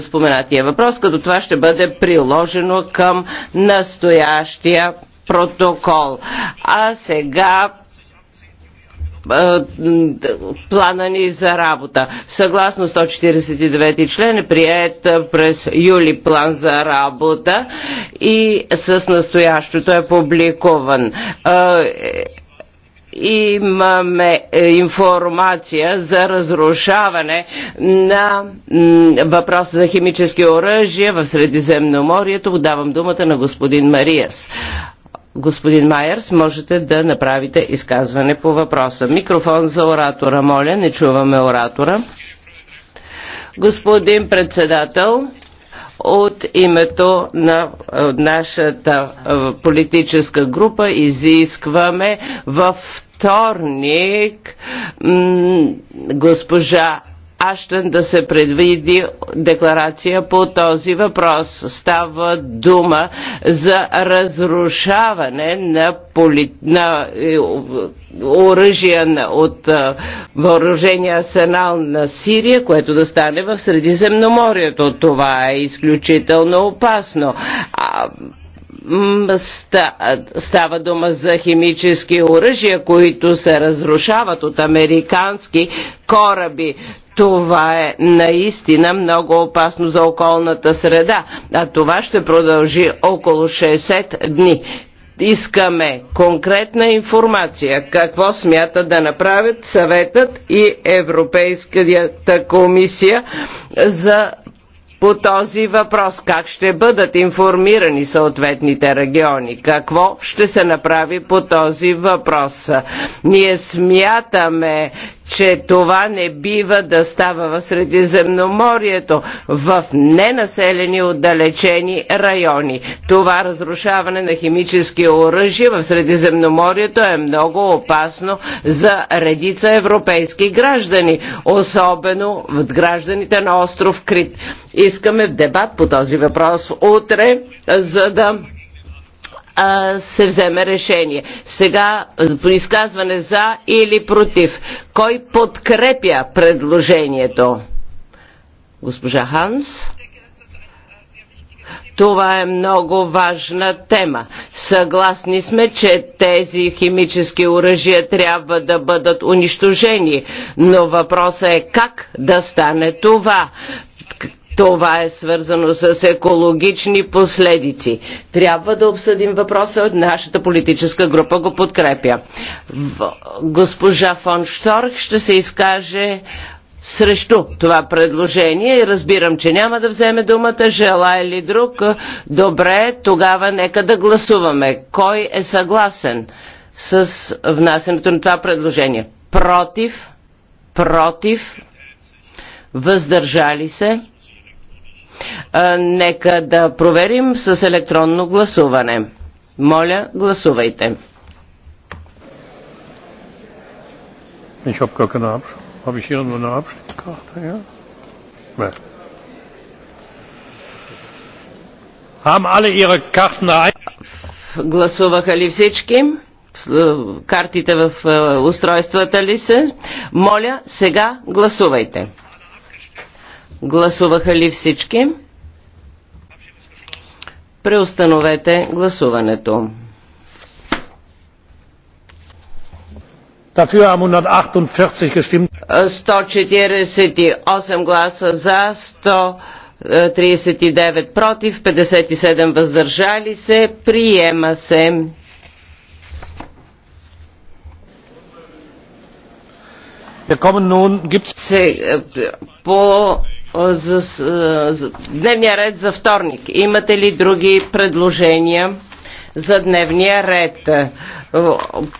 споменатия въпрос, като това ще бъде приложено към настоящия протокол. А сега плана ни за работа. Съгласно 149 член е прият през юли план за работа и с настоящото е публикуван имаме е, информация за разрушаване на въпроса за химически оръжия в Средиземноморието. Отдавам думата на господин Мариас. Господин Майерс, можете да направите изказване по въпроса. Микрофон за оратора, моля, не чуваме оратора. Господин председател, от името на е, нашата е, политическа група изискваме във вторник госпожа ще да се предвиди декларация по този въпрос. Става дума за разрушаване на, поли... на е, оръжия от е, въоръжения арсенал на Сирия, което да стане в Средиземноморието. Това е изключително опасно. А, става дума за химически оръжия, които се разрушават от американски кораби. Това е наистина много опасно за околната среда, а това ще продължи около 60 дни. Искаме конкретна информация какво смята да направят съветът и Европейската комисия за по този въпрос как ще бъдат информирани съответните региони, какво ще се направи по този въпрос. Ние смятаме, че това не бива да става в Средиземноморието, в ненаселени отдалечени райони. Това разрушаване на химически оръжия в Средиземноморието е много опасно за редица европейски граждани, особено в гражданите на остров Крит. Искаме дебат по този въпрос утре, за да а, се вземе решение. Сега изказване за или против. Кой подкрепя предложението? Госпожа Ханс? Това е много важна тема. Съгласни сме, че тези химически оръжия трябва да бъдат унищожени, но въпросът е как да стане това. Това е свързано с екологични последици. Трябва да обсъдим въпроса, от нашата политическа група го подкрепя. Госпожа фон Шторх ще се изкаже срещу това предложение и разбирам, че няма да вземе думата, желая ли друг. Добре, тогава нека да гласуваме. Кой е съгласен с внасенето на това предложение? Против? Против? Въздържали се? Нека да проверим с електронно гласуване. Моля, гласувайте. Ich habe gar keine Abstimmung. Habe ich hier nur eine Ja? Haben alle ihre Karten Гласуваха ли всички? Е, картите в е, устройствата ли са? Моля, сега гласувайте. Гласуваха ли всички? Преустановете гласуването. Dafür haben 148 gestimmt. 148 гласа за, 139 против, 57 въздържали се. Приема се. Е, по за, за дневния ред за вторник. Имате ли други предложения за дневния ред?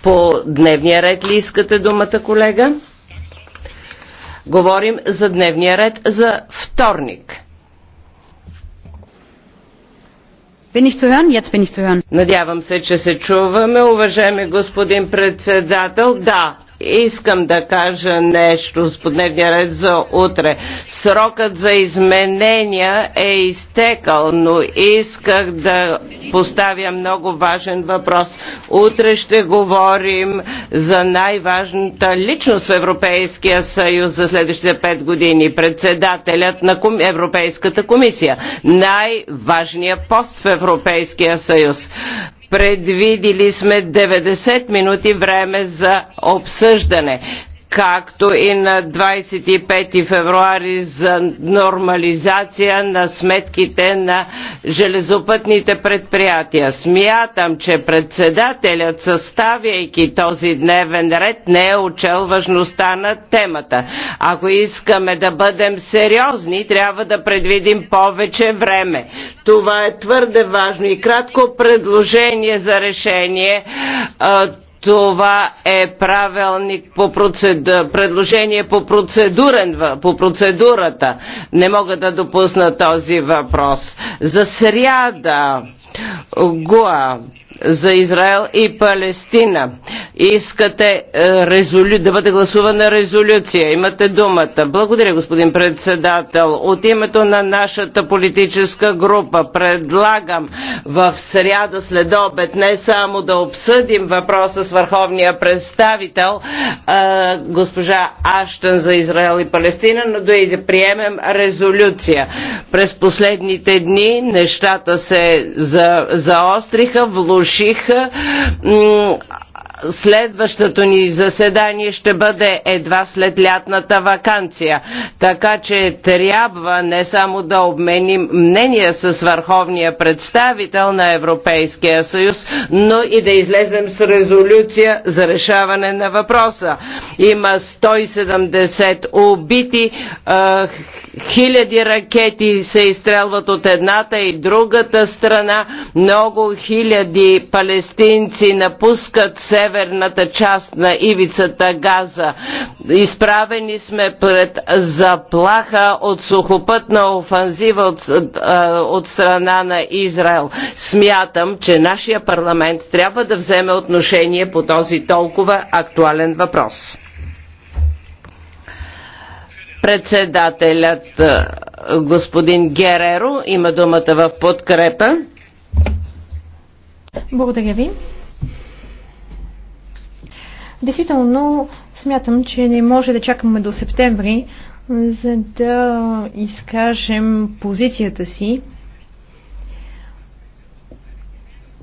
По дневния ред ли искате думата, колега? Говорим за дневния ред за вторник. Bin ich zu hören? Jetzt bin ich zu hören. Надявам се, че се чуваме, уважаеми господин председател. Да, Искам да кажа нещо с подневния ред за утре. Срокът за изменения е изтекал, но исках да поставя много важен въпрос. Утре ще говорим за най-важната личност в Европейския съюз за следващите пет години. Председателят на Европейската комисия. Най-важният пост в Европейския съюз. Предвидили сме 90 минути време за обсъждане както и на 25 февруари за нормализация на сметките на железопътните предприятия. Смятам, че председателят, съставяйки този дневен ред, не е учел важността на темата. Ако искаме да бъдем сериозни, трябва да предвидим повече време. Това е твърде важно и кратко предложение за решение това е правилник по процедура, предложение по, процедурен... по процедурата. Не мога да допусна този въпрос. За сряда Гуа за Израел и Палестина. Искате е, резолю... да бъде гласувана резолюция. Имате думата. Благодаря, господин председател. От името на нашата политическа група предлагам в сряда след обед не само да обсъдим въпроса с върховния представител а, е, госпожа Аштън за Израел и Палестина, но да и да приемем резолюция. През последните дни нещата се за... заостриха, влушиха наруших следващото ни заседание ще бъде едва след лятната вакансия. Така че трябва не само да обменим мнения с върховния представител на Европейския съюз, но и да излезем с резолюция за решаване на въпроса. Има 170 убити, Хиляди ракети се изстрелват от едната и другата страна. Много хиляди палестинци напускат северната част на ивицата Газа. Изправени сме пред заплаха от сухопътна офанзива от, от страна на Израел. Смятам, че нашия парламент трябва да вземе отношение по този толкова актуален въпрос. Председателят е, господин Гереро има думата в подкрепа. Благодаря ви. Действително смятам, че не може да чакаме до септември, за да изкажем позицията си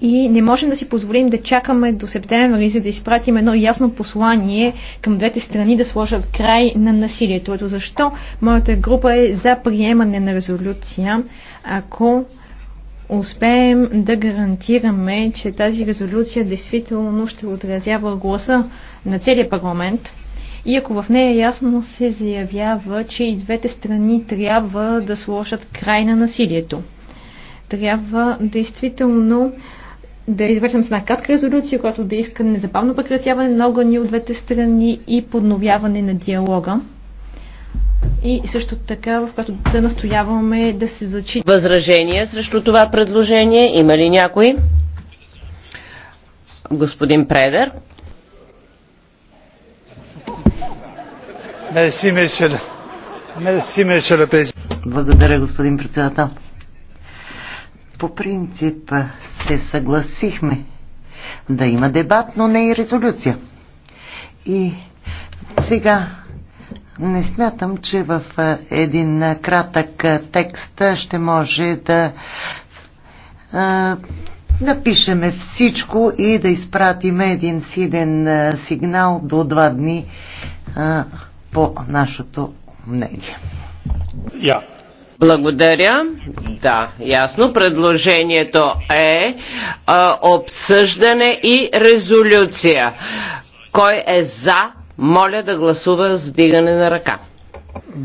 и не можем да си позволим да чакаме до септември, за да изпратим едно ясно послание към двете страни да сложат край на насилието. Ето защо моята група е за приемане на резолюция, ако успеем да гарантираме, че тази резолюция действително ще отразява гласа на целия парламент и ако в нея ясно се заявява, че и двете страни трябва да сложат край на насилието. Трябва действително да извършим с една кратка резолюция, която да иска незабавно прекратяване на огъни от двете страни и подновяване на диалога. И също така, в която да настояваме да се зачита. Възражение срещу това предложение има ли някой? Господин Предер. Благодаря, господин председател по принцип се съгласихме да има дебат, но не и резолюция. И сега не смятам, че в един кратък текст ще може да напишеме всичко и да изпратиме един силен сигнал до два дни по нашето мнение. Yeah. Благодаря. Да, ясно. Предложението е а, е, обсъждане и резолюция. Кой е за, моля да гласува с дигане на ръка.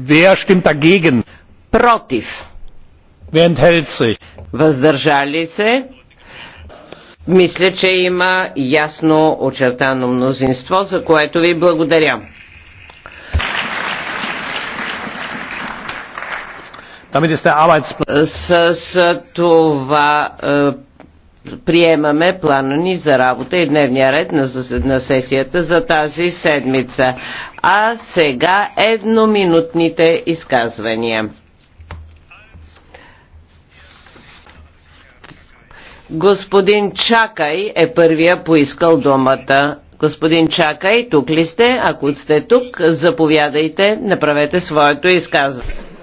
Wer stimmt dagegen? Против. Wer enthält sich? Въздържали се? Мисля, че има ясно очертано мнозинство, за което ви благодаря. С, това е, приемаме плана ни за работа и дневния ред на, на сесията за тази седмица. А сега едноминутните изказвания. Господин Чакай е първия поискал думата. Господин Чакай, тук ли сте? Ако сте тук, заповядайте, направете своето изказване.